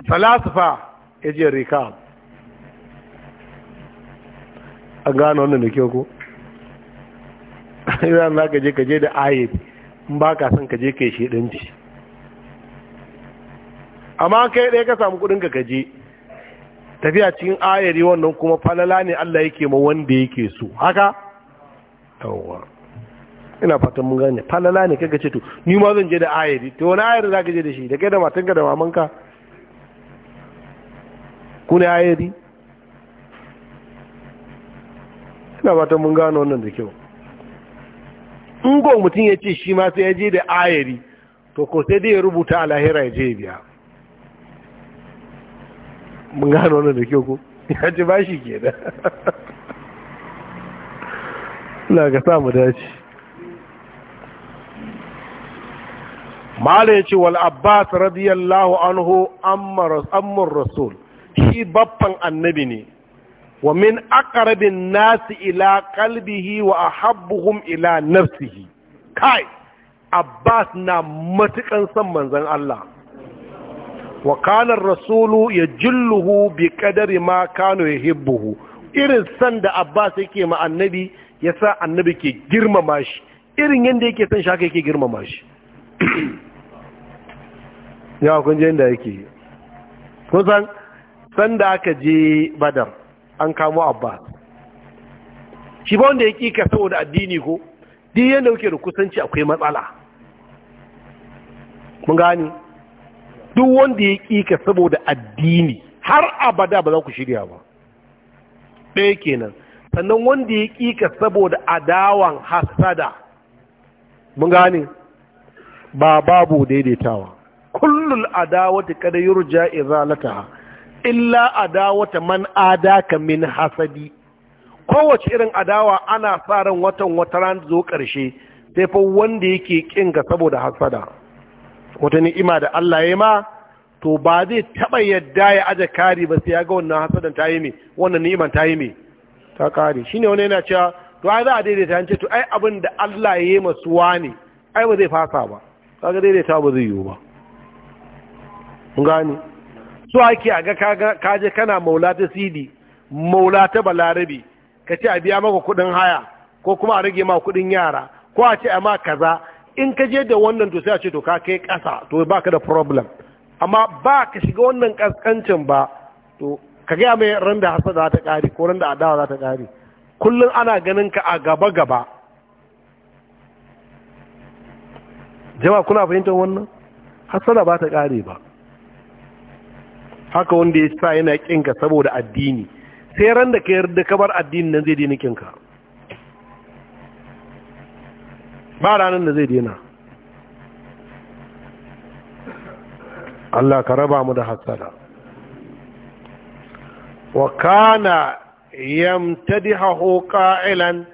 falasifa ya ce rika, an gano wannan da kyau ko yanzu za ka je ka je da ayyadi in ba ka son ka je ka yi shaidanci amma kai ɗaya ka samu kudin ka je tafiya cikin ayari wannan kuma falala ne Allah yake ma wanda yake so haka yawwa ina fatan mun gane falala ne kaga ce to ni ma zan je da ayari to wani ayari za ka je da shi da kai da matanka da mamanka ku ne ayari ina fatan mun gane wannan da kyau in go mutum ya ce shi ma sai ya je da ayari to ko sai dai ya rubuta a lahira ya je biya mun gano wannan da kyau ko ya ba shi ke da la ga sa mu dace malai yace wal abbas radiyallahu anhu amma ammar rasul shi babban annabi ne wa min aqrabin nas ila qalbihi wa ahabbuhum ila nafsihi kai abbas na matukan san manzon Allah وقال الرسول rasulu ya ما كان يحبه ma kano ya hibbuhu irin san da abbas yake ma annabi ya sa annabi ke girmama shi irin yadda yake san shaka yake girmama shi ya kun je inda yake kun san san da aka je badar an kamo abbas shi ba wanda ya kika saboda addini ko duk yadda yake da kusanci akwai matsala mun gani duk wanda ya kika saboda addini har abada ba za ku shirya ba ɗaya kenan sannan wanda ya kika saboda adawan hasada mun gane ba babu daidaitawa Kullum adawata kada yurja izalataha illa adawata man adaka min hasadi kowace irin adawa ana sa ran watan wata ran zo ƙarshe sai fa wanda yake kinga saboda hasada wata ni'ima da Allah ya ma to ba zai taba yadda ya aje kari ba sai ya ga wannan hasadan ta yi me wannan ni'iman ta yi me ta kare shine wani yana cewa to ai za a daidaita an ce to ai abin da Allah ya yi masu wani ai ba zai fasa ba kaga daidaita ba zai yi ba mun gane so ake a ga kaje kana maula ta sidi maula ta balarabi ka ce a biya maka kudin haya ko kuma a rage ma kudin yara ko a ce a ma kaza in ka je da wannan to sai a ce to ka kai ƙasa to ba ka da problem amma ba ka shiga wannan ƙasƙancin ba to ka gaya mai ran da hasa za ta ƙari ko ran da adawa za ta ƙari kullum ana ganin ka a gaba-gaba jama kuna fahimtar wannan hasada ba ta ƙare ba haka wanda ya sa yana ƙinka saboda addini sai ran da ka yarda ka bar addinin nan zai daina ƙinka ba ranar da zai dina Allah ka raba mu da hasada wa kana yamtadihu qa'ilan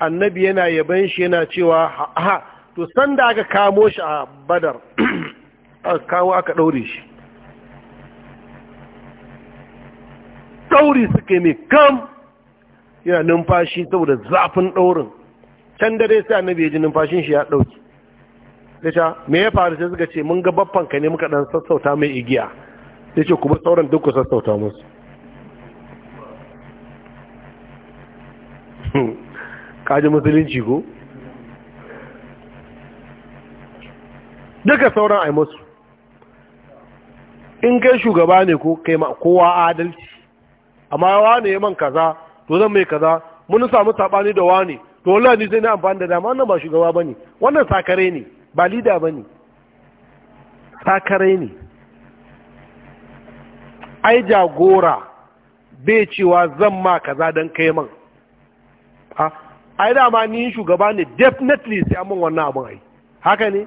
annabi yana yaban shi yana cewa ha to sanda aka kamo shi a badar aka kawo aka daure shi daure suke mai kam yana numfashi saboda zafin daurin can dare sai annabi ya ji numfashin shi ya dauki ta me ya faru sai suka ce mun ga baffan ka ne muka dan sassauta mai igiya sai ce kuma sauran duk ku sassauta musu kaji musulunci ko duka sauran ai musu in kai shugaba ne ko kai ma kowa adalci amma wane ya man kaza to zan mai kaza mun samu sabani da wane to Allah ni sai na amfani da dama wannan ba shugaba bane wannan sakare ne ba lida bane sakare ne ai jagora bai cewa zan ma kaza dan kai man ha ai dama ni shugaba ne definitely sai amman wannan abun ai haka ne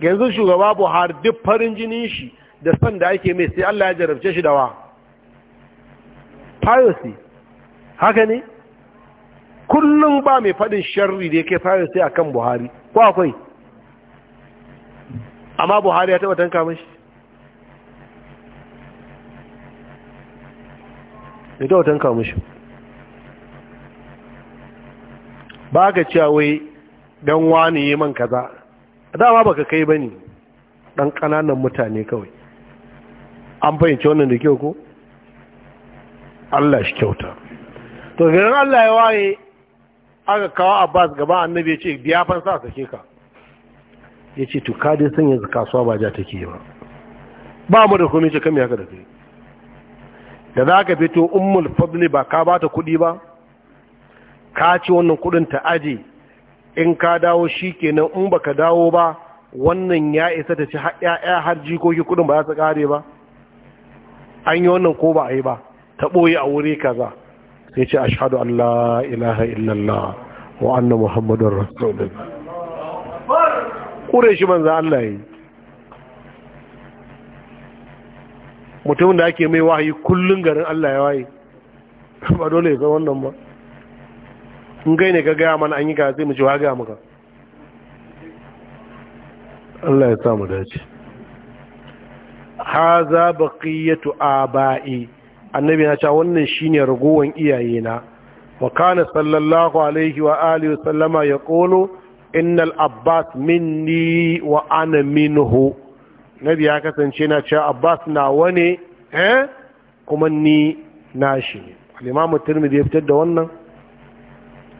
yanzu shugaba Buhari duk farin jinin shi da san da ake mai sai Allah ya jarabce shi da wa piracy haka ne kullum ba mai faɗin sharri da yake fara sai akan buhari ko akwai amma buhari ya taɓa tanka mashi ya taɓa tanka mashi ba ka cewa wai don wani yi man kaza dama baka kai ba ne ɗan ƙananan mutane kawai an fahimci wannan da kyau ko? Allah shi kyauta to ganin Allah ya waye aka kawo abbas gaba annabi ya ce biya sa a sake ka ya ce to ka dai kasuwa ba ja take ba ba mu da komai ce kamiya haka da kai da za ka fito umul fadli ba ka bata kuɗi ba ka ci wannan kuɗin ta aji in ka dawo shi kenan in ka dawo ba wannan ya isa ta ci ya'ya har jikoki kuɗin ba za su ƙare ba an yi wannan ko ba a yi ba ta ɓoye a wuri kaza ya ce ashadu Allah ilaha illallah wa anna muhammadun rasulun kure shi manza Allah yi mutumin da ake mai wahayi kullum garin Allah ya waye ba dole ya san wannan ba in kai ne ka gaya mana an yi ka sai mu ci wa gaya maka Allah ya samu dace haza baqiyatu aba'i annabi na cewa wannan shine ragowan iyaye na wa kana sallallahu alaihi wa alihi sallama ya qulu innal abbas minni wa ana minhu nabi ya kasance na cewa abbas na wane eh kuma ni na shi al-imam tirmidhi ya fitar da wannan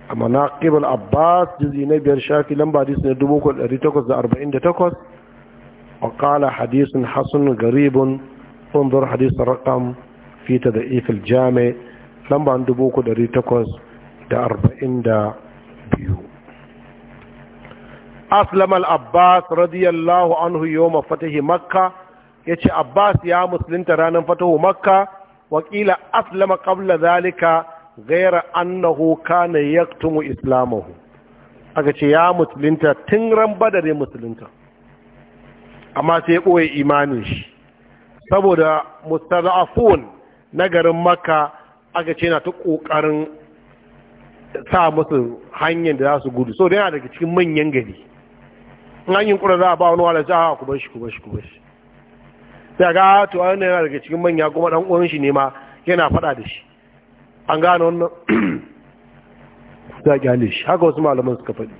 a manaqib al-abbas juz'i na biyar shafi lamba hadis na 1848 وقال حديث حسن غريب انظر حديث رقم fita da ifil jami aslam al-abbas radiyallahu anhu yawma fatahi makka yace abbas ya musulunta ranar fatahu makka wakila aslama qabla zalika gaira annahu kana yaktumu islamahu aka ce ya musulunta tun ran badare musulunta amma sai ya ɓoye imanin shi saboda mustada'afun na garin makka aka ce na ta ƙoƙarin sa musu hanyar da za su gudu so da yana daga cikin manyan gari in an yi za a ba wani wala za a ah, ku bashi ku bashi ku bashi sai ga ah, to wani yana daga cikin manya kuma ɗan uwan shi ne ma yana faɗa da shi an gane wannan za a gyale shi haka wasu malaman suka faɗi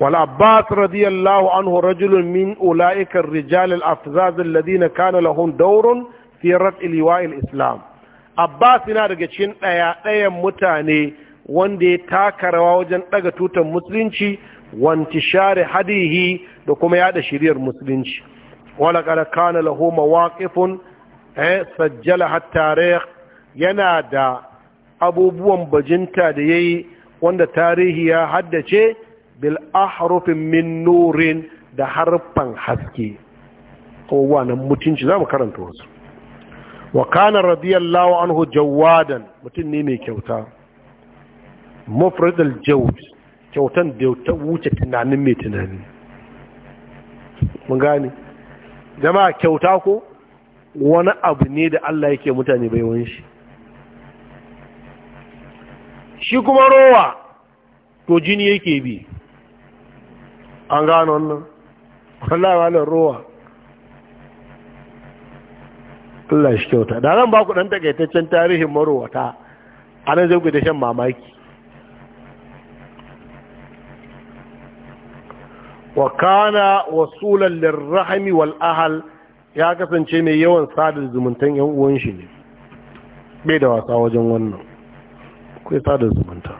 والعباس رضي الله عنه رجل من أولئك Rijalil الأفزاز الذين kana لهم دور fi rat'il liwa'il islam abbas yana daga cikin ɗaya ɗayan mutane wanda ya taka rawa wajen ɗaga tutan musulunci wanti share hadihi da kuma yada shiriyar musulunci wala kada kana lahu mawaqifun eh sajjala hatta yana da abubuwan bajinta da yayi wanda tarihi ya haddace bil ahrufin min nurin da harfan haske kowa nan mutunci zamu karanta wasu wa kana radiyallahu anhu jawadan mutum ne mai kyauta mufradal jawd kyautan da ta wuce tunanin mai tunani mun gane jama'a kyauta ko wani abu ne da Allah yake mutane bai wani shi shi kuma rowa to jini yake bi an gano wannan wallahi rowa Allah shi kyauta da zan ba ku dan takaitaccen tarihin marowata nan zai ku da shan mamaki wa kana wasulan lirrahmi wal ahal ya kasance mai yawan sadar zumuntan yan uwan shi ne bai da wasa wajen wannan kai sadar zumunta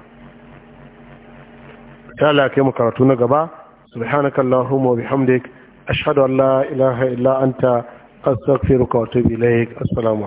ya la kai mu karatu na gaba subhanakallahumma wa bihamdik ashhadu an la ilaha illa anta astaghfiruka wa atubu ilaik assalamu